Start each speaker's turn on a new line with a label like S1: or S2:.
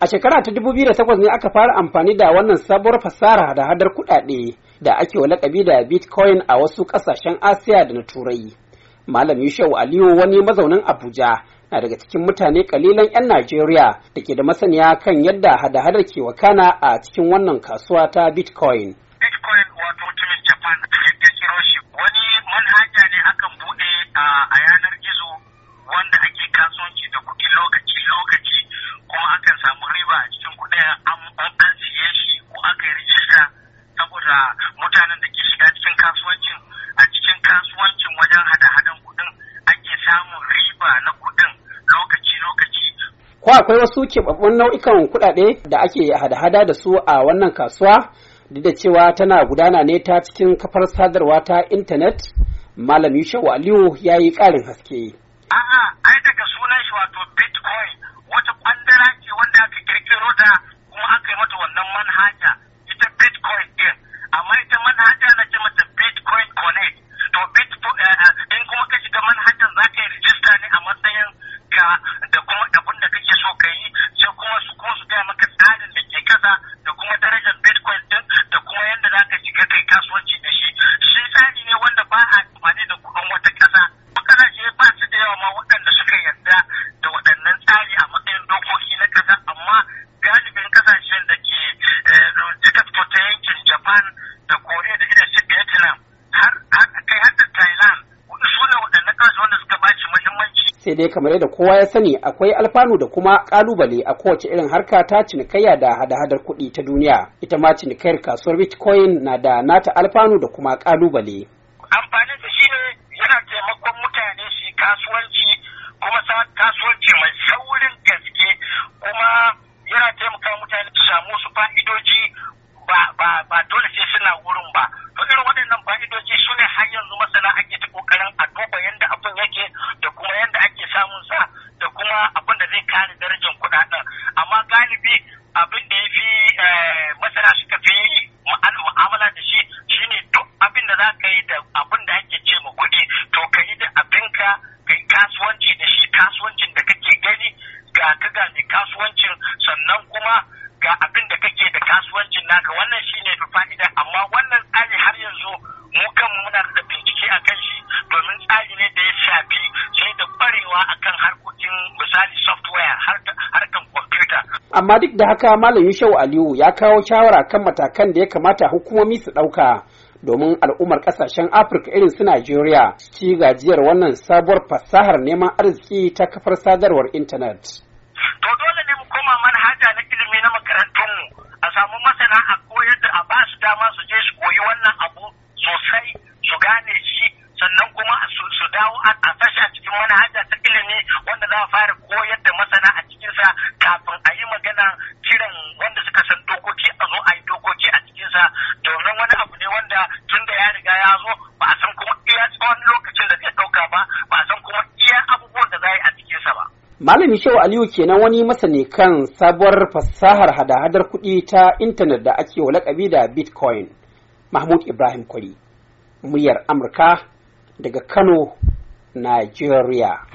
S1: A shekara ta dubu biyu 2008 ne aka fara amfani da wannan sabuwar fasara da hadar kuɗaɗe da ake wa lakabi da Bitcoin a wasu ƙasashen Asiya da na Turai. Malam Yushau Aliyu wani mazaunin Abuja na daga cikin mutane kalilan 'yan Najeriya da ke da masaniya kan yadda hada-hadar ke wakana a cikin wannan kasuwa ta Bitcoin. Bitcoin
S2: wato Japan
S1: ko akwai wasu keɓaɓɓun nau'ikan kuɗaɗe da ake hada-hada da su a wannan kasuwa duk da cewa tana gudana ne ta cikin kafar sadarwa ta intanet malam yushewa aliyu ya yi ƙarin haske a'a ai daga sunan shi wato bitcoin wata
S2: kwandara ce wanda aka kirkiro da kuma aka yi mata wannan manhaja
S1: sai dai kamar yadda kowa ya sani akwai alfanu da kuma kalubale a kowace irin harka ta cinikayya da hada-hadar kuɗi ta duniya ita ma cinikayyar kasuwar bitcoin na da nata alfanu da kuma kalubale amfanin da shine
S2: yana taimakon mutane su kasuwanci kuma kasuwanci mai sauri kuma abin da zai kare darajar kuɗaɗen amma galibi abin da ya fi eh, masana suka fi mu'amala da shi shine duk abin da za ka yi da abin da ake ce ma kuɗi to ka yi da abinka ka yi kasuwanci da shi kasuwancin da kake gani ga ka gane kasuwancin sannan kuma ga abin da kake da kasuwancin naka wannan shine
S1: amma duk da haka malam Shau aliyu ya kawo shawara kan matakan da ya kamata hukumomi su ɗauka domin al'ummar ƙasashen afirka irin su najeriya ci gajiyar wannan sabuwar fasahar neman arziki ta kafar sadarwar intanet to dole ne mu koma manhaja na ilimi na makarantunmu
S2: a samu masana a koyar da a ba su dama su je su koyi wannan abu sosai su gane shi sannan kuma su dawo a fasha cikin manhaja ta ilimi wanda za a fara tun da ya riga ya zo ba a san kuma iya tsawon lokacin da zai ɗauka ba ba a san kuma iya abubuwan da za
S1: a cikinsa ba. Malami Shehu Aliyu kenan wani masani kan sabuwar fasahar hada-hadar kuɗi ta intanet da ake wa lakabi da Bitcoin. Mahmud Ibrahim Kwari, muryar Amurka daga Kano, Nigeria.